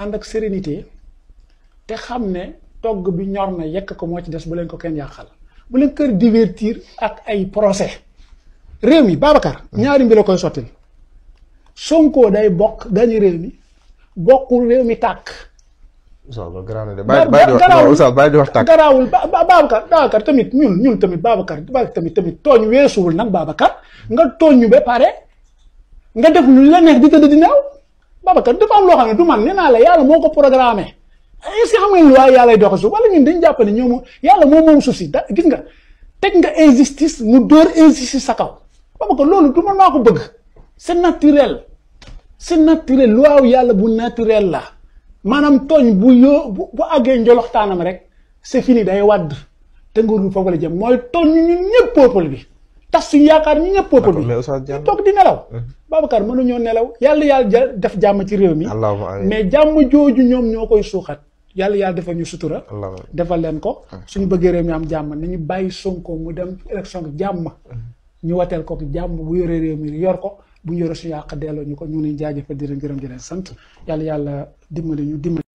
and ak sérénité té xamné togg bi ñor na yek ko mo ci dess bu len ko kenn yàqal bu len kër divertir ak ay procès réew mi babakar mm-hmm. ñaari mbir la koy sottil Sonko day bok gañu réew mi bokul réew mi tàkk Oustaz garaaw na de bàyyi bàyyi di wax Oustaz bàyyi di wax tàkk garaawul Babacar Babacar tamit ñun ñun tamit Babacar tamit tamit tooñ weesuwul nag Babacar nga tooñ ñu ba pare nga def lu la neex di tëdd di naaw kan dafa am lo xamne du man nee na la yalla moko programmer programmé est ce xam ngeen lu waay wala ñun dañu japp ni ñoom yalla mo moom suuf si gis nga tek nga injustice mu door injustice sa kaw ko lolu du man mako bëgg c'est naturel c'est naturel lu waaw bu naturel la manam togn bu yo bu agge ndoloxtanam rek c'est fini day wad te nguur gi la jëm moy togn ñun ñepp peuple bi tas suñu yaakaar ñu ñëpp peuple bi ñu toog di nelaw Babacar mënuñoo nelaw yàlla yàlla def jàmm ci réew mi mais jàmm jooju ñoom ñoo koy suuxat yàlla yàlla defal ñu sutura defal leen ko suñu bëggee réew mi am jàmm ñu bàyyi Sonko mu dem élection jàmm ñu wateel ko jàmm bu yoree réew mi yor ko bu ñu yore suñu yàq delloo ñu ko ñu ngi leen jaajëfal di leen gërëm di leen sant yàlla yàlla dimbali ñu dimbali